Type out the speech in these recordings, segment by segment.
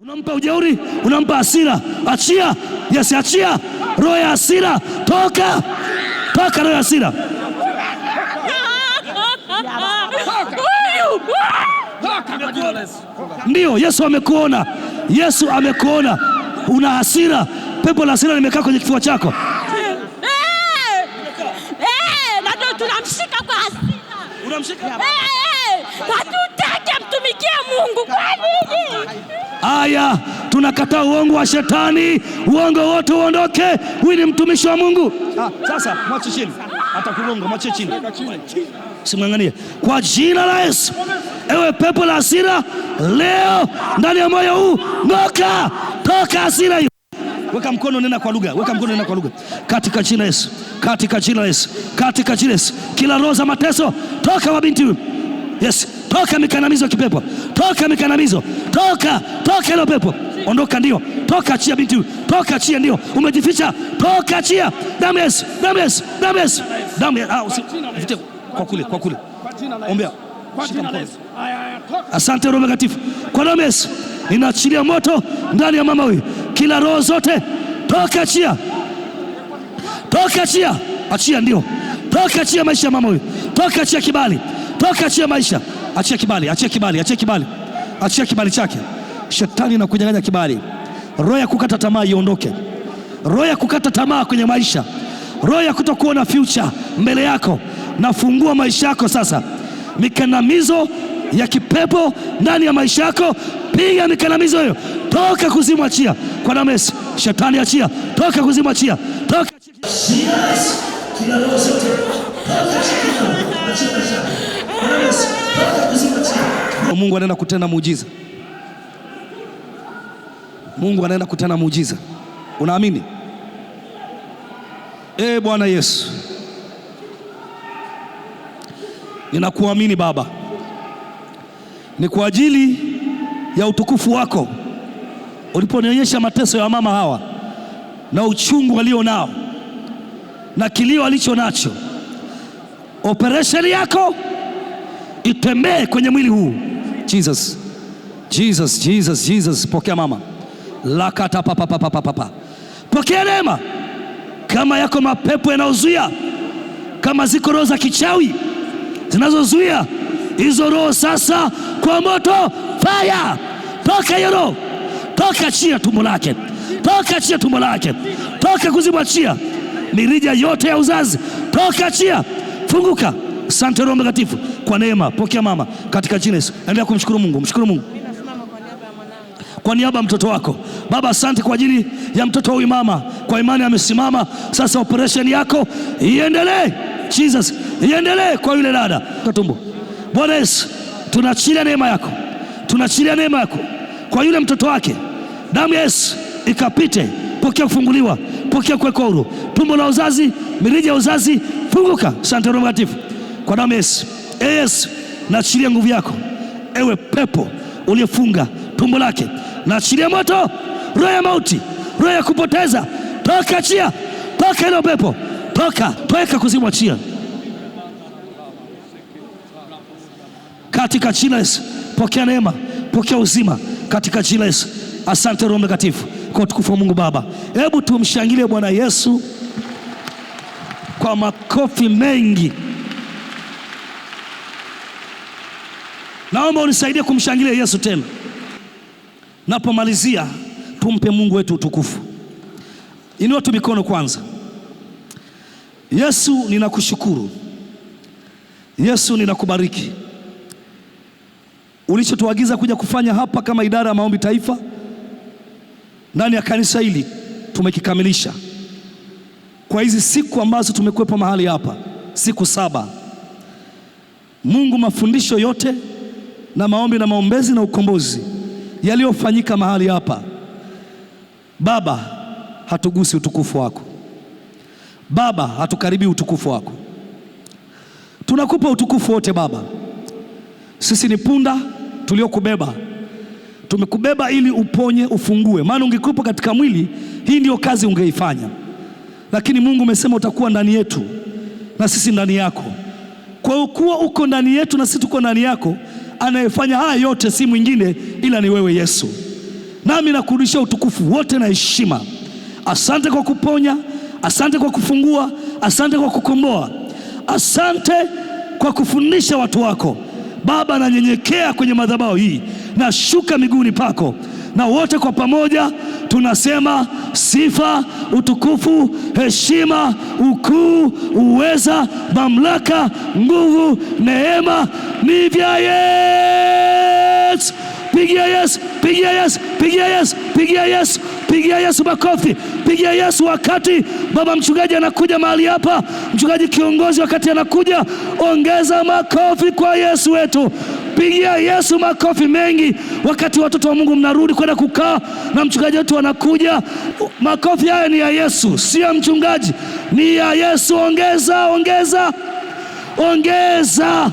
Unampa ujeuri, unampa hasira. Achia yes, achia roho ya hasira, toka, toka roho ya hasira. Ndiyo, Yesu amekuona, Yesu amekuona una hasira. Pepo la hasira limekaa kwenye kifua chako. Tunamshika kwa unamshika Haya, tunakataa uongo wa shetani, uongo wote uondoke. Huyu ni mtumishi wa Mungu. Ah, sasa mwache chini, atakugonga, mwache chini, simwangalie kwa jina la Yesu. Ewe pepo la hasira, leo ndani ya moyo huu ng'oka, toka hasira hiyo. Weka mkono, nena kwa lugha, weka mkono, nena kwa lugha, katika jina Yesu, katika jina Yesu, katika jina Yesu, kila roho za mateso toka, wabinti huyu. Yes toka mikandamizo, kipepo toka mikandamizo, toka toka ile pepo, ondoka, ndio toka, achia binti toka, achia, ndio umejificha, toka, achia, damu Yesu, damu Yesu, damu Yesu, damu au ah, usivute kwa kule, kwa kule, ombea, kwa jina la Yesu. Asante Roho Mtakatifu, kwa damu Yesu ninaachilia moto ndani ya mama huyu, kila roho zote toka, achia, toka, achia, achia, ndio toka, achia maisha ya mama huyu, toka, achia kibali, toka, achia maisha Achia kibali, achia kibali, achia kibali, achia kibali chake. Shetani na kunyang'anya kibali, roho ya kukata tamaa iondoke, roho ya kukata tamaa kwenye maisha, roho ya kutokuona future mbele yako. Nafungua maisha yako sasa, mikandamizo ya kipepo ndani ya maisha yako, piga mikandamizo hiyo, toka kuzimu, achia kwa damu Yesu. Shetani achia, toka kuzimu, achia, toka Mungu anaenda kutenda muujiza. Mungu anaenda kutenda muujiza, unaamini? Ee Bwana Yesu, ninakuamini Baba, ni kwa ajili ya utukufu wako. Uliponionyesha mateso ya mama hawa na uchungu walio nao na kilio alicho nacho, operesheni yako itembee kwenye mwili huu. Jesus. Jesus, Jesus, Jesus, pokea mama lakata papa papa papa. Pokea neema. Kama yako mapepo yanayozuia, kama ziko roho za kichawi zinazozuia hizo roho, sasa kwa moto faya, toka hiyo roho, toka chia tumbo lake, toka chia tumbo lake, toka kuzibwa chia mirija yote ya uzazi, toka chia, funguka. Asante Roho Mtakatifu kwa neema, pokea mama, katika jina Yesu. Endelea kumshukuru Mungu, mshukuru Mungu kwa niaba ya mtoto wako Baba, asante kwa ajili ya mtoto huyu mama, kwa imani amesimama. Sasa operation yako iendelee, Jesus, iendelee kwa yule dada katumbo. Bwana Yesu, tunachilia neema yako, tunachilia neema yako kwa yule mtoto wake. Damu ya Yesu ikapite, pokea kufunguliwa, pokea kuwekwa huru, tumbo la uzazi, mirija ya uzazi funguka. Asante Roho Mtakatifu kwa damu Yesu. ee Yesu, naachilia nguvu yako. Ewe pepo uliyefunga tumbo lake, naachilia moto, roho ya mauti, roho ya kupoteza, toka, achia, toka ile pepo, toka, toka kuzimu, achia katika jina Yesu. Pokea neema, pokea uzima katika jina Yesu. Asante Roho Mtakatifu kwa utukufu wa Mungu Baba. Hebu tumshangilie Bwana Yesu kwa makofi mengi. Naomba unisaidie kumshangilia Yesu tena. Napomalizia, tumpe Mungu wetu utukufu. Inua tu mikono kwanza. Yesu ninakushukuru. Yesu ninakubariki. Ulichotuagiza kuja kufanya hapa kama idara ya maombi taifa ndani ya kanisa hili tumekikamilisha kwa hizi siku ambazo tumekuwepo mahali hapa, siku saba. Mungu, mafundisho yote na maombi na maombezi na ukombozi yaliyofanyika mahali hapa. Baba, hatugusi utukufu wako Baba, hatukaribi utukufu wako, tunakupa utukufu wote Baba. Sisi ni punda tuliokubeba, tumekubeba ili uponye, ufungue, maana ungekupa katika mwili, hii ndiyo kazi ungeifanya. Lakini Mungu umesema utakuwa ndani yetu na sisi ndani yako. Kwa kuwa uko ndani yetu na sisi tuko ndani yako, anayefanya haya yote si mwingine ila ni wewe Yesu. Nami nakurudishia utukufu wote na heshima. Asante kwa kuponya, asante kwa kufungua, asante kwa kukomboa, asante kwa kufundisha watu wako. Baba, nanyenyekea kwenye madhabahu hii, nashuka miguuni pako, na wote kwa pamoja tunasema sifa, utukufu, heshima, ukuu, uweza, mamlaka, nguvu, neema ni vya Yesu. Pigia Yesu, pigia Yesu, pigia Yesu, pigia Yesu, pigia Yesu makofi, pigia Yesu. Wakati baba mchungaji anakuja mahali hapa, mchungaji kiongozi, wakati anakuja, ongeza makofi kwa Yesu wetu. Pigia Yesu makofi mengi. Wakati watoto wa Mungu mnarudi kwenda kukaa na mchungaji wetu wanakuja, makofi haya ni ya Yesu, si ya mchungaji, ni ya Yesu. Ongeza, ongeza, ongeza,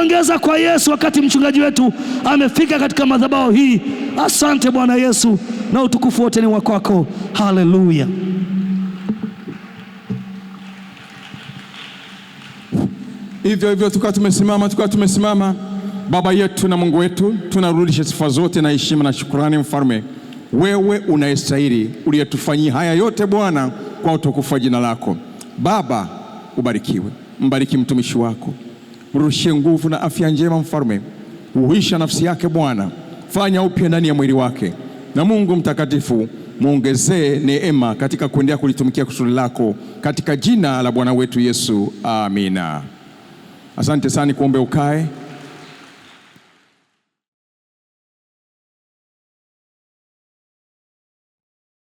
ongeza kwa Yesu, wakati mchungaji wetu amefika katika madhabahu hii. Asante Bwana Yesu, na utukufu wote ni wakwako Haleluya. Hivyo hivyo tukawa tumesimama, tukawa tumesimama. Baba yetu na Mungu wetu, tunarudisha sifa zote na heshima na shukurani, mfalme wewe unayestahili, uliyetufanyia haya yote Bwana, kwa utukufu wa jina lako. Baba ubarikiwe, mbariki mtumishi wako, mrushie nguvu na afya njema, mfalme uhuisha nafsi yake Bwana, fanya upya ndani ya mwili wake, na Mungu mtakatifu mwongezee neema katika kuendelea kulitumikia kusudi lako, katika jina la Bwana wetu Yesu, amina. Asante sana, kuombe ukae.